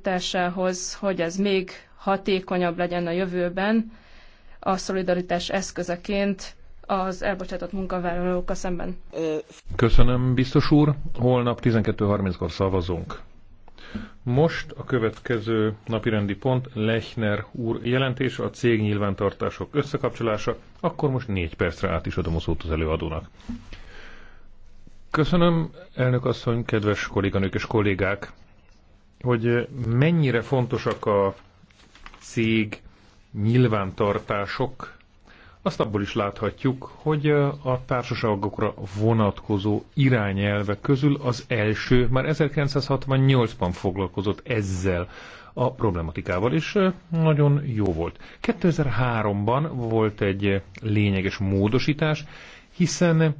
támogatásához, hogy ez még hatékonyabb legyen a jövőben a szolidaritás eszközeként az elbocsátott munkavállalókkal szemben. Köszönöm, biztos úr. Holnap 12.30-kor szavazunk. Most a következő napirendi pont Lechner úr jelentés a cég nyilvántartások összekapcsolása. Akkor most négy percre át is adom a szót az előadónak. Köszönöm, elnök asszony, kedves kolléganők és kollégák! hogy mennyire fontosak a cég nyilvántartások, azt abból is láthatjuk, hogy a társaságokra vonatkozó irányelve közül az első már 1968-ban foglalkozott ezzel a problematikával, és nagyon jó volt. 2003-ban volt egy lényeges módosítás, hiszen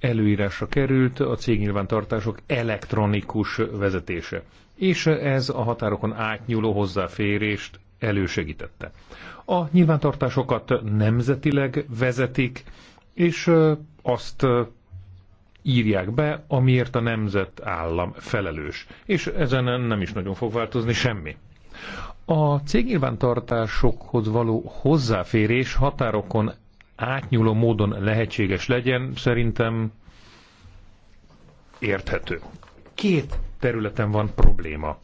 előírásra került a cégnyilvántartások elektronikus vezetése, és ez a határokon átnyúló hozzáférést elősegítette. A nyilvántartásokat nemzetileg vezetik, és azt írják be, amiért a nemzetállam felelős, és ezen nem is nagyon fog változni semmi. A cégnyilvántartásokhoz való hozzáférés határokon átnyúló módon lehetséges legyen, szerintem érthető. Két területen van probléma.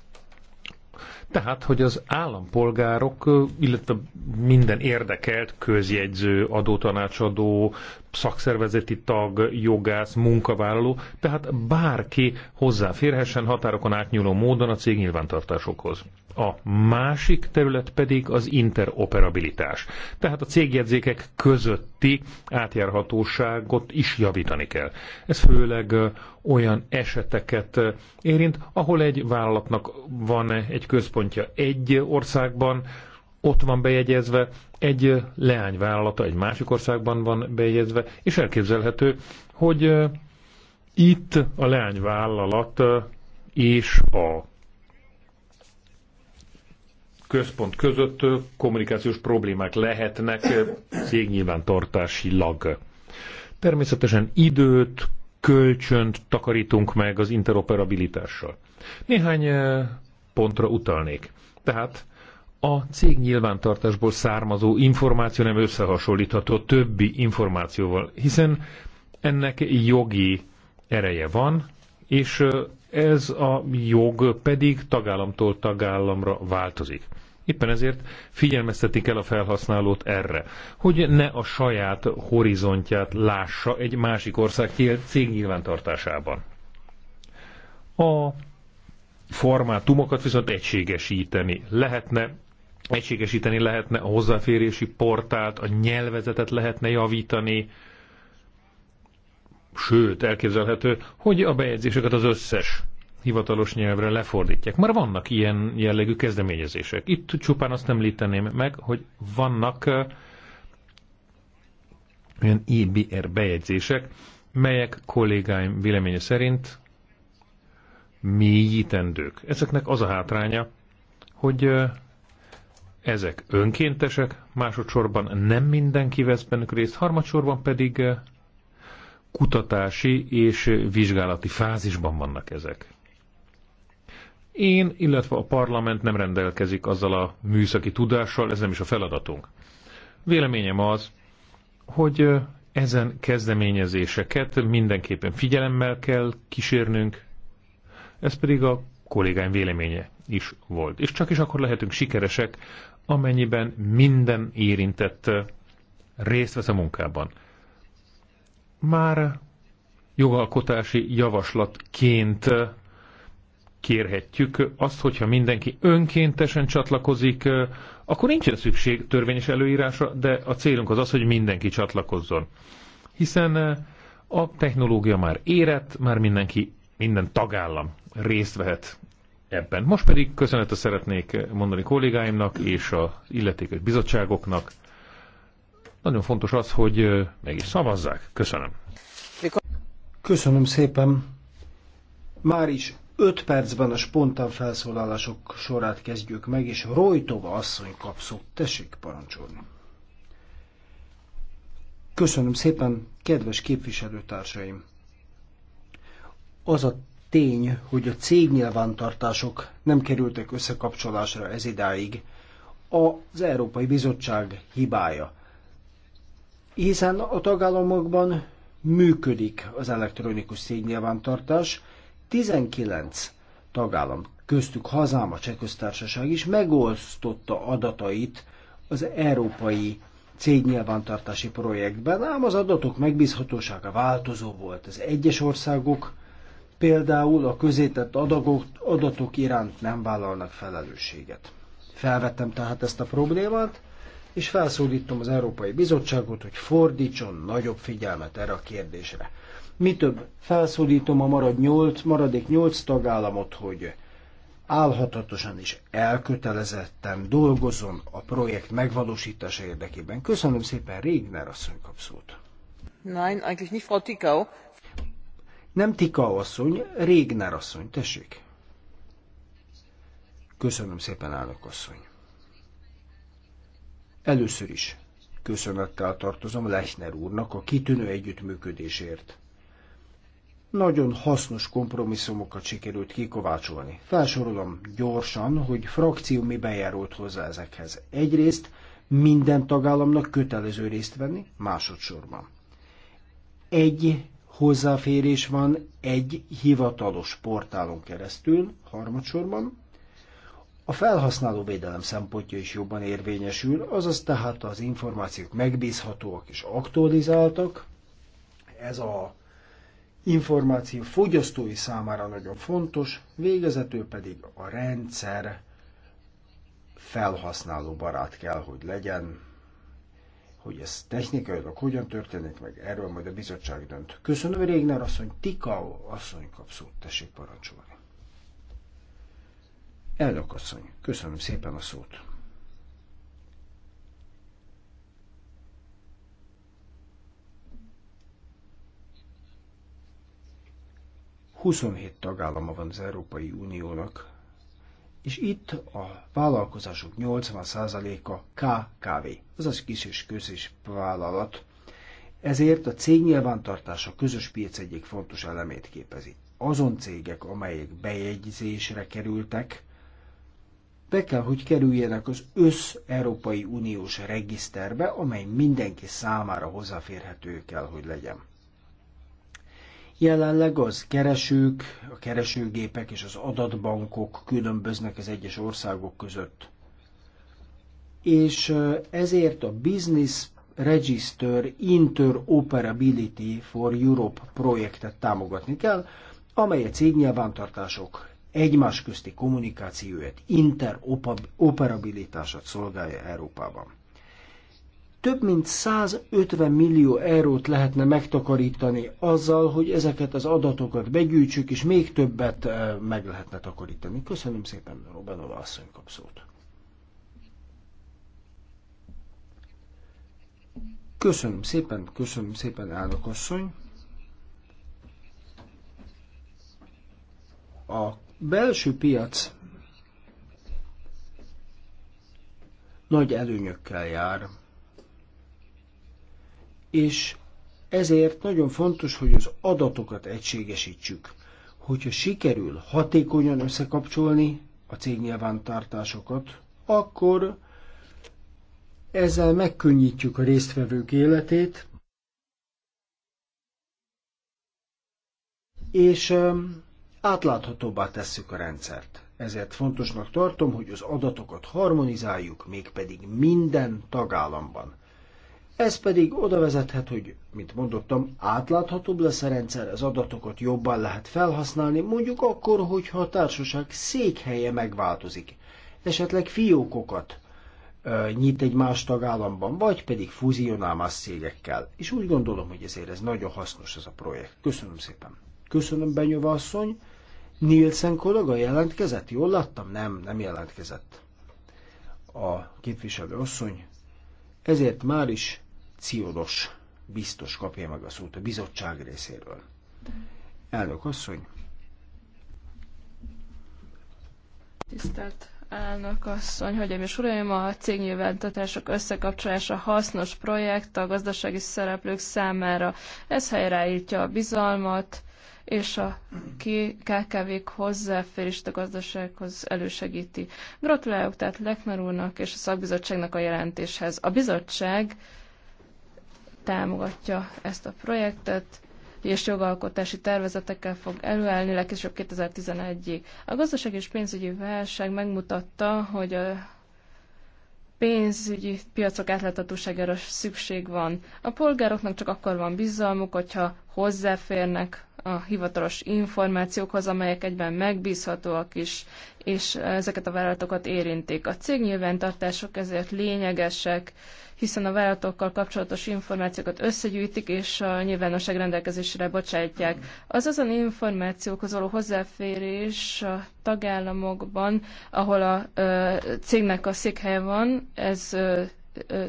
Tehát, hogy az állampolgárok, illetve minden érdekelt, közjegyző, adótanácsadó, szakszervezeti tag, jogász, munkavállaló, tehát bárki hozzáférhessen határokon átnyúló módon a cég nyilvántartásokhoz. A másik terület pedig az interoperabilitás. Tehát a cégjegyzékek közötti átjárhatóságot is javítani kell. Ez főleg olyan eseteket érint, ahol egy vállalatnak van egy központja egy országban, ott van bejegyezve, egy leányvállalata egy másik országban van bejegyezve, és elképzelhető, hogy itt a leányvállalat és a központ között kommunikációs problémák lehetnek cégnyilvántartásilag. Természetesen időt, kölcsönt takarítunk meg az interoperabilitással. Néhány pontra utalnék. Tehát a cég nyilvántartásból származó információ nem összehasonlítható többi információval, hiszen ennek jogi ereje van, és ez a jog pedig tagállamtól tagállamra változik. Éppen ezért figyelmeztetik el a felhasználót erre, hogy ne a saját horizontját lássa egy másik ország cég nyilvántartásában. A formátumokat viszont egységesíteni lehetne, egységesíteni lehetne a hozzáférési portált, a nyelvezetet lehetne javítani, sőt, elképzelhető, hogy a bejegyzéseket az összes hivatalos nyelvre lefordítják. Már vannak ilyen jellegű kezdeményezések. Itt csupán azt említeném meg, hogy vannak olyan IBR e bejegyzések, melyek kollégáim véleménye szerint mélyítendők. Ezeknek az a hátránya, hogy ezek önkéntesek, másodszorban nem mindenki vesz bennük részt, harmadsorban pedig eh, kutatási és vizsgálati fázisban vannak ezek. Én, illetve a parlament nem rendelkezik azzal a műszaki tudással, ez nem is a feladatunk. Véleményem az, hogy eh, ezen kezdeményezéseket mindenképpen figyelemmel kell kísérnünk, ez pedig a kollégáim véleménye is volt. És csak is akkor lehetünk sikeresek, amennyiben minden érintett részt vesz a munkában. Már jogalkotási javaslatként kérhetjük azt, hogyha mindenki önkéntesen csatlakozik, akkor nincsen szükség törvényes előírásra, de a célunk az az, hogy mindenki csatlakozzon. Hiszen a technológia már érett, már mindenki, minden tagállam részt vehet ebben. Most pedig köszönetet szeretnék mondani kollégáimnak és az illetékes bizottságoknak. Nagyon fontos az, hogy meg is szavazzák. Köszönöm. Köszönöm szépen. Már is 5 percben a spontán felszólalások sorát kezdjük meg, és Rojtova asszony kap szót. Tessék parancsolni. Köszönöm szépen, kedves képviselőtársaim! Az a tény, hogy a cégnyilvántartások nem kerültek összekapcsolásra ez idáig, az Európai Bizottság hibája. Hiszen a tagállamokban működik az elektronikus cégnyilvántartás, 19 tagállam, köztük hazám a Csehköztársaság is megosztotta adatait az európai cégnyilvántartási projektben, ám az adatok megbízhatósága változó volt. Az egyes országok például a közétett adagok, adatok iránt nem vállalnak felelősséget. Felvettem tehát ezt a problémát, és felszólítom az Európai Bizottságot, hogy fordítson nagyobb figyelmet erre a kérdésre. Mi több, felszólítom a marad 8, maradék nyolc tagállamot, hogy álhatatosan és elkötelezetten dolgozom a projekt megvalósítása érdekében. Köszönöm szépen, Régner asszony kapszót. Nein, eigentlich nicht Frau Tikau, nem Tika asszony, Régner asszony, tessék. Köszönöm szépen, állok asszony. Először is köszönettel tartozom Lechner úrnak a kitűnő együttműködésért. Nagyon hasznos kompromisszumokat sikerült kikovácsolni. Felsorolom gyorsan, hogy frakció mi bejárult hozzá ezekhez. Egyrészt minden tagállamnak kötelező részt venni, másodszorban. Egy hozzáférés van egy hivatalos portálon keresztül, harmadsorban. A felhasználóvédelem szempontja is jobban érvényesül, azaz tehát az információk megbízhatóak és aktualizáltak. Ez a információ fogyasztói számára nagyon fontos, végezetül pedig a rendszer felhasználó barát kell, hogy legyen, hogy ez technikailag hogyan történik meg, erről majd a bizottság dönt. Köszönöm, Régner asszony, Tikao asszony kap szót, tessék parancsolni. Elnök asszony, köszönöm szépen a szót. Huszonhét tagállama van az Európai Uniónak, és itt a vállalkozások 80%-a KKV, azaz kis és közös vállalat. Ezért a cég nyilvántartása a közös piac egyik fontos elemét képezi. Azon cégek, amelyek bejegyzésre kerültek, be kell, hogy kerüljenek az össz-európai uniós regiszterbe, amely mindenki számára hozzáférhető kell, hogy legyen. Jelenleg az keresők, a keresőgépek és az adatbankok különböznek az egyes országok között. És ezért a Business Register Interoperability for Europe projektet támogatni kell, amely a cégnyelvántartások egymás közti kommunikációját, interoperabilitását szolgálja Európában több mint 150 millió eurót lehetne megtakarítani azzal, hogy ezeket az adatokat begyűjtsük, és még többet meg lehetne takarítani. Köszönöm szépen, Robanova asszony kapszót. Köszönöm szépen, köszönöm szépen, elnök asszony. A belső piac nagy előnyökkel jár és ezért nagyon fontos, hogy az adatokat egységesítsük. Hogyha sikerül hatékonyan összekapcsolni a cégnyilvántartásokat, akkor ezzel megkönnyítjük a résztvevők életét, és átláthatóbbá tesszük a rendszert. Ezért fontosnak tartom, hogy az adatokat harmonizáljuk, mégpedig minden tagállamban. Ez pedig oda vezethet, hogy, mint mondottam, átláthatóbb lesz a rendszer, az adatokat jobban lehet felhasználni, mondjuk akkor, hogyha a társaság székhelye megváltozik. Esetleg fiókokat ö, nyit egy más tagállamban, vagy pedig fúzionál más cégekkel. És úgy gondolom, hogy ezért ez nagyon hasznos ez a projekt. Köszönöm szépen. Köszönöm, Benyova asszony. Nielsen kollega jelentkezett? Jól láttam? Nem, nem jelentkezett. A képviselő asszony ezért már is Ciodos biztos kapja meg a szót a bizottság részéről. Elnök asszony. Tisztelt elnök asszony, hölgyeim és uraim, a cégnyilvántatások összekapcsolása hasznos projekt a gazdasági szereplők számára. Ez helyreállítja a bizalmat, és a KKV-k hozzáférést a gazdasághoz elősegíti. Gratulálok tehát Lekmer úrnak és a szakbizottságnak a jelentéshez. A bizottság támogatja ezt a projektet, és jogalkotási tervezetekkel fog előállni legkésőbb 2011-ig. A gazdaság és pénzügyi válság megmutatta, hogy a pénzügyi piacok átláthatóságára szükség van. A polgároknak csak akkor van bizalmuk, hogyha hozzáférnek a hivatalos információkhoz, amelyek egyben megbízhatóak is, és ezeket a vállalatokat érintik. A cég nyilvántartások ezért lényegesek, hiszen a vállalatokkal kapcsolatos információkat összegyűjtik, és a nyilvánosság rendelkezésre bocsátják. Az azon információkhoz való hozzáférés a tagállamokban, ahol a cégnek a székhelye van, ez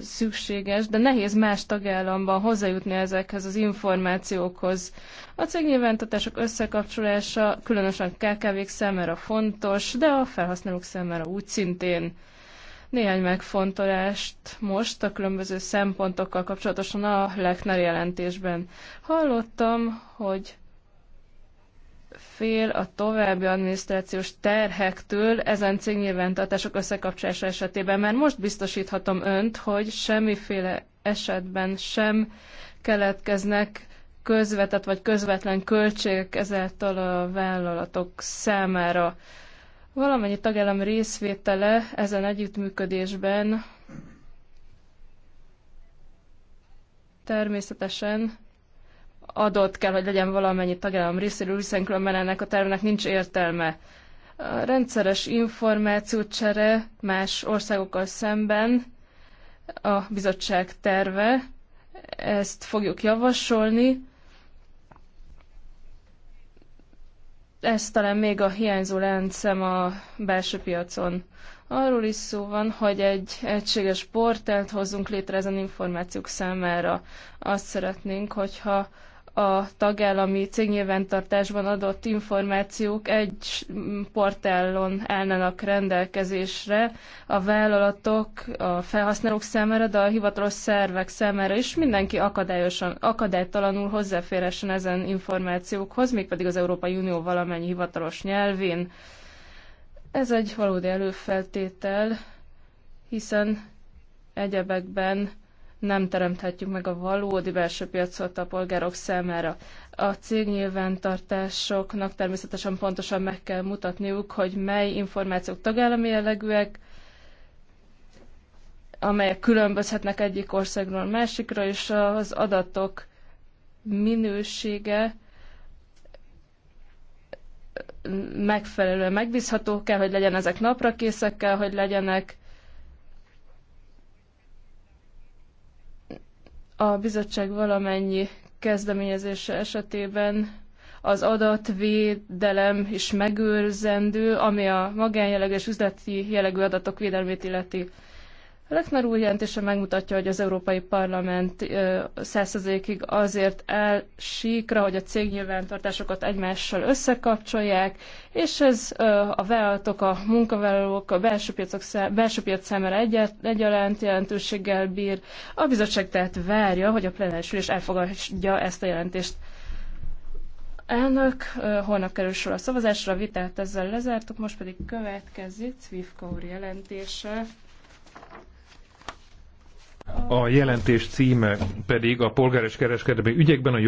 szükséges, de nehéz más tagállamban hozzájutni ezekhez az információkhoz. A cégnyilvántatások összekapcsolása különösen a KKV-k számára fontos, de a felhasználók számára úgy szintén. Néhány megfontolást most a különböző szempontokkal kapcsolatosan a Lechner jelentésben. Hallottam, hogy fél a további adminisztrációs terhektől ezen cégnyilvántartások összekapcsolása esetében, mert most biztosíthatom önt, hogy semmiféle esetben sem keletkeznek közvetett vagy közvetlen költségek ezáltal a vállalatok számára. Valamennyi tagállam részvétele ezen együttműködésben természetesen adott kell, hogy legyen valamennyi tagállam részéről, hiszen különben ennek a tervnek nincs értelme. A rendszeres információcsere más országokkal szemben a bizottság terve, ezt fogjuk javasolni. Ez talán még a hiányzó láncem a belső piacon. Arról is szó van, hogy egy egységes portált hozzunk létre ezen információk számára. Azt szeretnénk, hogyha a tagállami cégnyilvántartásban adott információk egy portálon állnának rendelkezésre a vállalatok, a felhasználók számára, de a hivatalos szervek számára is mindenki akadályosan, akadálytalanul hozzáférhessen ezen információkhoz, mégpedig az Európai Unió valamennyi hivatalos nyelvén. Ez egy valódi előfeltétel, hiszen egyebekben nem teremthetjük meg a valódi belső piacot a polgárok számára. A cégnyilvántartásoknak természetesen pontosan meg kell mutatniuk, hogy mely információk tagállami jellegűek, amelyek különbözhetnek egyik országról a másikra, és az adatok minősége megfelelően megbízható kell, hogy legyen ezek napra készek kell, hogy legyenek, a bizottság valamennyi kezdeményezése esetében az adatvédelem is megőrzendő, ami a magánjelleges üzleti jellegű adatok védelmét illeti. Lechner úr jelentése megmutatja, hogy az Európai Parlament százszerzékig azért elsíkra, hogy a cégnyilvántartásokat egymással összekapcsolják, és ez a vállalatok, a munkavállalók, a belső, piacok, belső piac számára egyet, egyaránt jelentőséggel bír. A bizottság tehát várja, hogy a plenáris ülés elfogadja ezt a jelentést. Elnök, holnap kerül sor a szavazásra, a vitát ezzel lezártuk, most pedig következik Cvifka úr jelentése. A jelentés címe pedig a polgár és kereskedelmi ügyekben a